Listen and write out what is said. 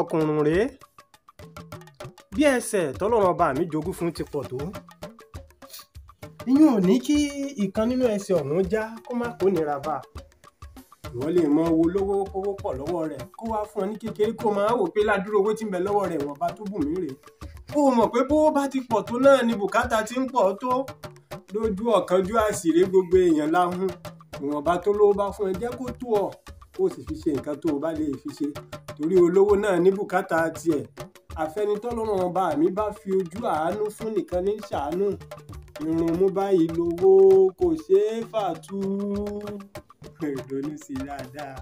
ọkùnrùn rèé bí ẹsẹ̀ tọ́lọ́run ọba mi jogún fún ti pọ̀ tó ìyún ò ní kí ìkan nínú ẹsẹ̀ ọ̀hún já kó má kó nira bá wọ́n lè mọ owó lówó kówó pọ̀ lọ́wọ́ rẹ̀ kó wá fún ọ ní kékeré kó máa wò pé ládùúrò owó tí ń bẹ lọ́wọ́ rẹ̀ wọ́n bá tó bù mí rèé ó mọ̀ pé bówó bá ti pọ̀ tó náà ni bùkátà ti ń pọ̀ tó lójú ọ̀kanjú àṣírí gbogbo èèyàn láhùn ìwọ̀nba tó lówó bá fún ẹ jẹ́ kó tó ọ kó o sì fi ṣe nǹkan tó o bá lè fi ṣe torí olówó náà ní bùkátà tiẹ̀ àfẹnitọ́lọ́run ọba mi bá fi ojú àánú fún nìkan ní ṣàánú irun mú báyìí lówó kò ṣeé fà tú. ìrònú sí dáadáa.